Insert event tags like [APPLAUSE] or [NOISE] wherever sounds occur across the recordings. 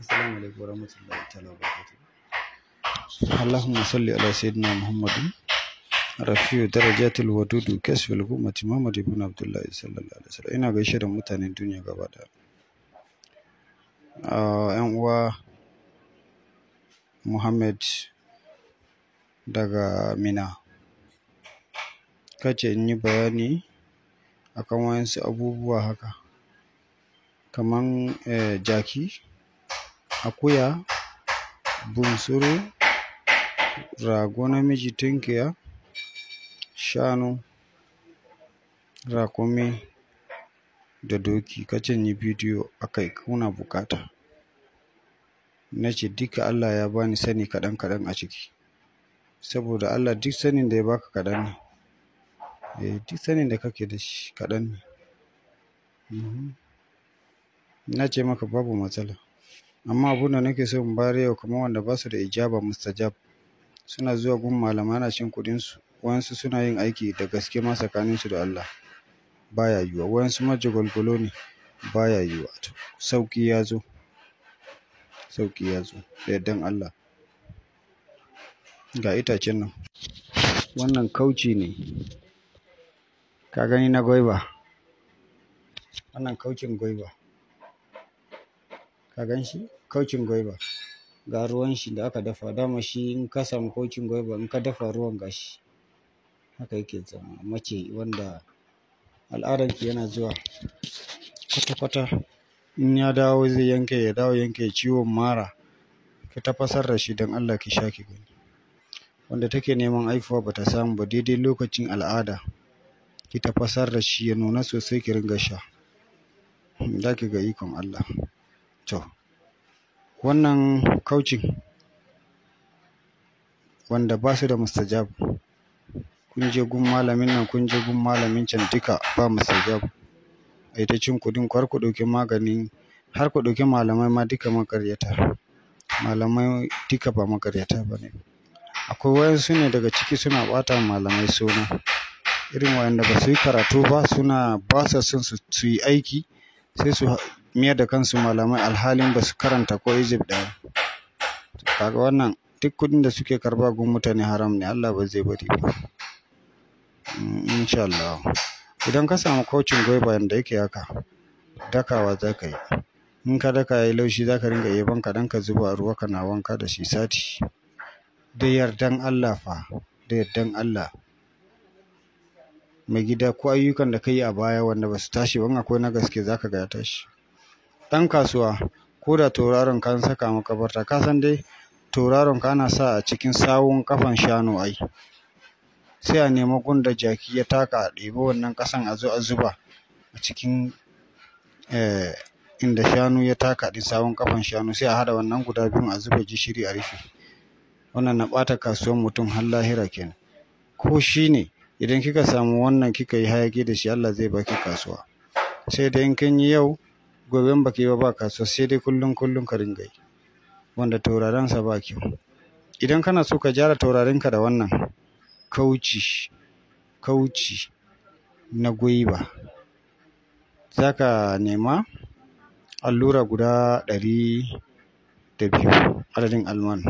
assalamu allahumma salli ala sayyidina muhammadin rafiu darajatul wadudu kasbil ummati muhammad ibn abdullahi sallallahu alaihi wasallam ina gaishe da mutanen duniya gaba da ah, yan uwa muhammad daga mina kace in yi bayani akan wayansu abubuwa haka kaman eh, jaki akuya, bunsuru, rago namiji, tunkiya, shanu, Rakumi da doki. Ka yi bidiyo a kai kuna bukata. Na ce duka Allah ya bani sani kaɗan kaɗan a ciki. Saboda Allah duk sanin da ya baka kaɗan ne. Eh duk sanin da kake da shi kaɗan ne. Mhm. Na ce maka babu matsala. amma abin da nake so in bayar yau kamar wanda ba su da ijaba mustajab suna zuwa gun malama, ana cin kuɗin su wayansu suna yin aiki da gaske ma tsakanin su da Allah baya yiwuwa wayansu ma jagwalgwalo ne baya yiwuwa sauki ya zo sauki ya zo da yardan Allah ga itacen nan wannan kauci ne ka gani na gwaiba wannan kaucin gwaiba ka gan shi kaucin gwaiba ga ruwan shi da aka dafa dama shi in ka samu kaucin gwaiba in ka dafa ruwan gashi haka yake zama mace wanda al'adarki yana zuwa kwata-kwata in ya dawo zai yanke ya dawo yanke ciwon mara ki tafasar da shi don Allah ki sha ki gani wanda take neman haifuwa bata samu ba daidai lokacin al'ada ki tafasar da shi ya nuna sosai ki ringa sha za ki ga ikon Allah To, wannan kaucin wanda ba su da mustajab kun je gun malamin nan kun je gun malamin can duka ba mustajab ai ta cin kuɗin ku har ku ɗauki maganin har ku ɗauki malamai ma duka makaryata malamai duka ba makaryata ba ne akwai wayansu ne daga ciki suna ɓata malamai suna irin wayanda ba su yi karatu ba suna ba sa son su yi aiki sai su miyar da kansu malamai alhalin ba su karanta ko egypt ɗaya kaga wannan duk kuɗin da suke karba gun mutane haram ne allah ba zai bari ba mm, insha allah idan ka samu kocin gwaiba da yake haka dakawa za ka yi in ka daka ya yi laushi za ka ringa yabon ka dan ka zuba ruwa kana wanka da shi sati da yardan allah fa da yardan allah mai gida ko ayyukan da ka yi a baya wanda ba su tashi wani akwai na gaske za ka ga ya tashi ɗan kasuwa ko da tauraron ka saka saka makabarta ka san dai tauraron ka ana sa a cikin sawun kafan shanu ai sai a nemi gunda jaki ya taka a ɗebi wannan ƙasan a zo a zuba a cikin eh, inda shanu ya taka ɗin sawun kafan shanu sai a haɗa wannan guda biyun a zuba gishiri a rufe wannan na ɓata kasuwan mutum har lahira kenan ko shi ne idan kika samu wannan kika yi hayaki da shi Allah zai baki kasuwa sai dai in kin yi yau gobe in baka ba ba kasuwa sai dai kullum kullum ka ringa yi wanda tauraron sa ba kyau idan kana so ka jara taurarin ka da wannan kauci kauci na ba. za ka nema allura guda ɗari da biyu adadin alman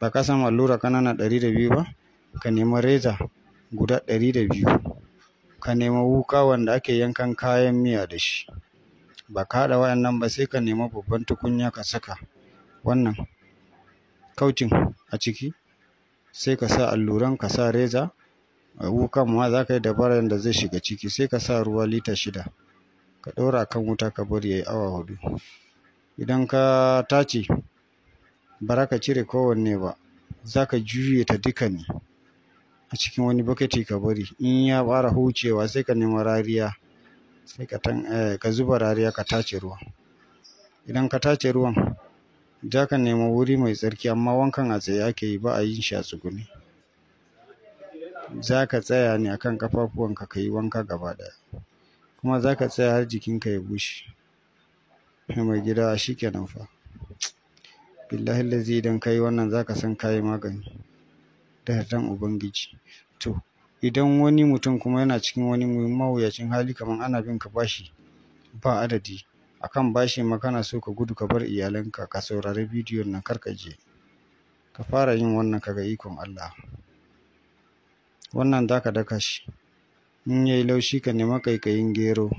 ba ka samu allura kanana ɗari da biyu ba ka nema reza guda ɗari da biyu ka nema wuka wanda ake yankan kayan miya da shi ba ka haɗa wayannan ba sai ka nemi babban tukunya ka saka wannan kautin a ciki sai ka sa alluran ka sa reza wukan ma za ka yi dabarar da zai shiga ciki sai ka sa ruwa lita shida ka ɗora kan wuta ka bari ya yi awa hudu idan ka tace ba ka cire kowanne ba za ka juye ta duka ne a cikin wani bakati ka bari in ya fara hucewa sai ka nemi rariya sai ka tan eh, ka zuba rariya ka tace ruwa. idan ka tace ruwan ja ka nemi wuri mai tsarki amma wankan a tsaye ake yi ba a yin shi a tsuguni za ka tsaya ne akan kafafuwanka ka yi wanka gaba ɗaya kuma za ka tsaya har jikinka ya bushe mai gida shi kenan fa billahi lazi idan ka yi wannan za ka san ka yi magani da ubangiji to idan wani mutum kuma yana cikin wani mawuyacin hali kamar ana bin ka bashi ba adadi akan bashi ma kana so ka gudu ka bar iyalanka ka saurari bidiyon nan kar ka je ka fara yin wannan ka ga ikon Allah wannan za ka daka shi in yayi laushi ka nema kaikayin gero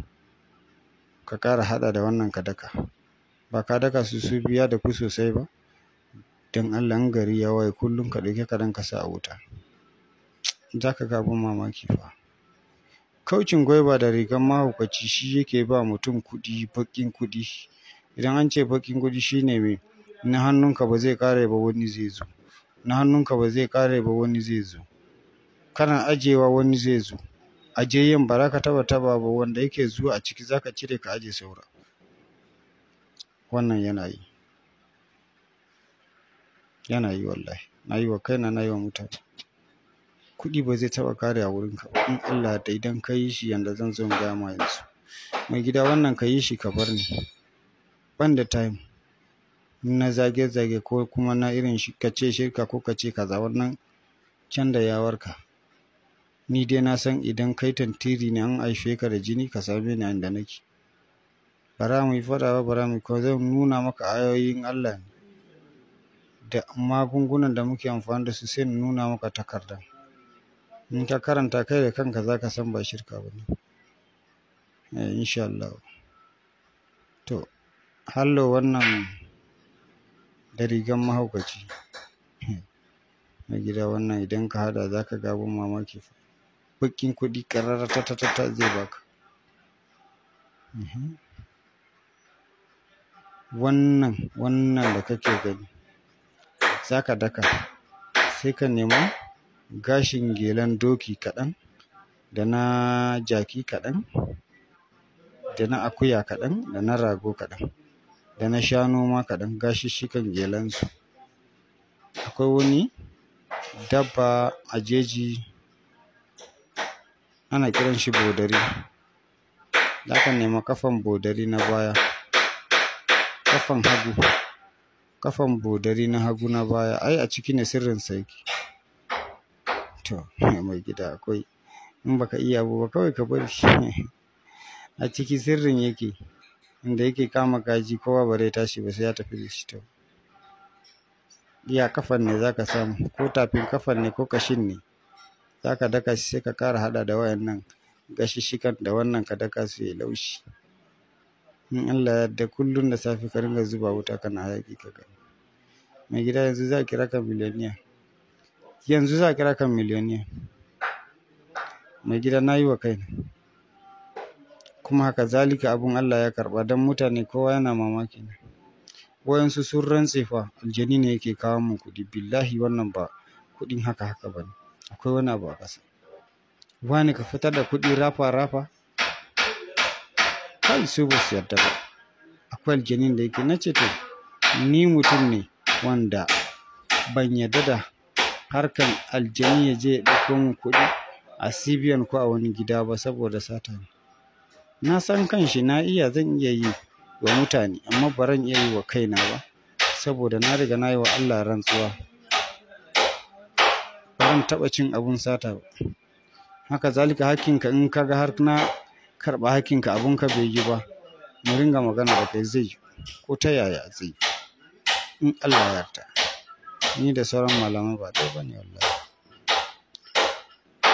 ka ƙara haɗa da wannan ka daka ba ka daka su su biya da ku sosai ba don Allah in gari ya waye kullum ka dan ka sa a wuta za ka ga abin mamaki fa. Kaucin gwaiba da rigar mahaukaci shi yake ba mutum kuɗi baƙin kuɗi. Idan an ce baƙin kuɗi shi ne mai na hannunka ba zai kare ba wani zai zo, na hannunka ba zai kare ba wani zai zo, kana ajewa wani zai zo. Ajiyayyen ba za ka taɓa taɓawa ba wanda yake zuwa a ciki za ka cire ka ajiye saura. Wannan yana yi, yana yi wallahi. Na yi wa kaina na yi wa mutane. kuɗi ba zai taɓa ƙarewa wurinka ba in Allah da idan ka yi shi yanda zan zo in gaya ma yanzu mai gida wannan ka yi shi ka bar ni ban da time na zage-zage ko kuma na irin ka ce shirka ko ka ce kaza wannan can da yawarka ni dai na san idan kai tantiri ne an haife ka da jini ka same ni inda nake bara mu yi faɗa ba bara mu ko zan nuna maka ayoyin Allah ne da magungunan da muke amfani da su sai nuna maka takarda in ka karanta kai da kanka za ka san ba shirka ba ne eh, insha Allah to hallo wannan da rigan mahaukaci [LAUGHS] na gida wannan idan ka hada za ka gabon mamaki bakin kuɗi ƙararra ta ta ta zai baka mhm. wannan wannan da kake gani za ka daka sai ka nema gashin gelan doki kaɗan, da na jaki kaɗan, da na akuya kaɗan, da na rago kaɗan, da na shanu ma kaɗan gashishikan su, Akwai wani dabba a jeji ana kiran shi bodari. Za nema ƙafan bodari na baya, ƙafan hagu, ƙafan bodari na hagu na baya, ai a ciki ne sirrin yake. to [LAUGHS] mai gida akwai in baka iya abu ba kawai ka bari [LAUGHS] a ciki sirrin yake inda yake kama kaji kowa ba zai tashi ba sai ya tafi da shi to iya kafan ne ka samu ko tafin kafan ne ko kashin ne zaka daka shi sai ka kara hada da wayannan gashishikan da wannan ka daka su ya laushi in Allah ya yarda kullum da safe ka ringa zuba wuta kana hayaki ka gani mai gida yanzu za ki raka miliyoniya yanzu za kira kan miliyoniya mai gida na yi wa kaina kuma haka zalika abin Allah ya karɓa don mutane kowa yana mamaki ne wayansu sun rantse fa aljani ne yake kawo mu kudi billahi wannan ba kuɗin haka haka ba ne akwai wani abu a ƙasa wani ka fitar da kuɗi rafa rafa kai su ba su yarda ba akwai aljanin da yake na ce to ni mutum ne wanda ban yarda da harkan aljani ya je ya ɗauko min kuɗi a CBN ko a wani gida ba saboda sata ne. Na san kanshi na iya zan iya yi wa mutane amma ba zan iya yi wa kaina ba saboda na riga na yi wa Allah rantsuwa. Ba zan taɓa cin abun sata ba. Haka zalika hakkinka in ka ga har na karɓa abun ka bai yi ba mu ringa magana da kai zai yi ko ta yaya zai yi in Allah ya yarda. ni da sauran malamai ba ɗaya ba ne wallahi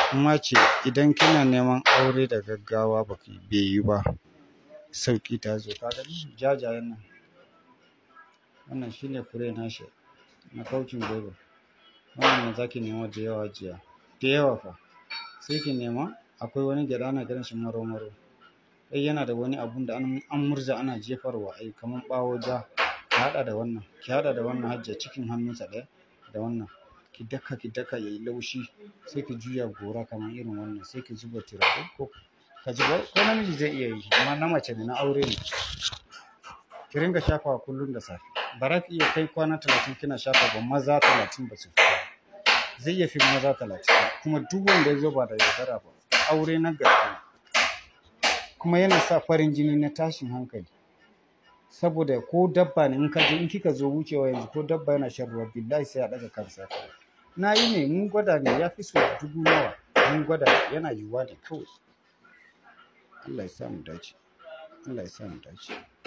kuma ce idan kina neman aure da gaggawa ba bai yi ba sauƙi ta zo ka gani jajayen nan wannan shine fure nashi na kaucin goro wannan ne za ki nema da yawa jiya da yawa fa sai ki nema akwai wani gyaɗa ana kiran shi maro maro ai yana da wani abun da an murza ana jefarwa ai kamar ɓawo ja ki haɗa da wannan ki da wannan cikin hannunsa ɗaya da wannan ki daka ki daka ya yi laushi sai ki juya gora kamar irin wannan sai ki zuba turare ko ka ko namiji zai iya yi amma na mace ne na aure ne ki ringa shafawa kullum da safe ba ki iya kai kwana talatin kina shafa ba maza talatin ba su zai iya fi maza talatin kuma duk wanda ya zo ba da yaudara ba aure na gaske kuma yana sa farin jini na tashin hankali saboda ko dabba ne in ka in kika zo wucewa yanzu ko dabba yana shan ruwa billahi sai ya daga kansa na yi ne mun gwada ne ya fi so dubu nawa mun gwada yana yiwuwa ne kawai Allah ya sa mu dace Allah ya sa mu dace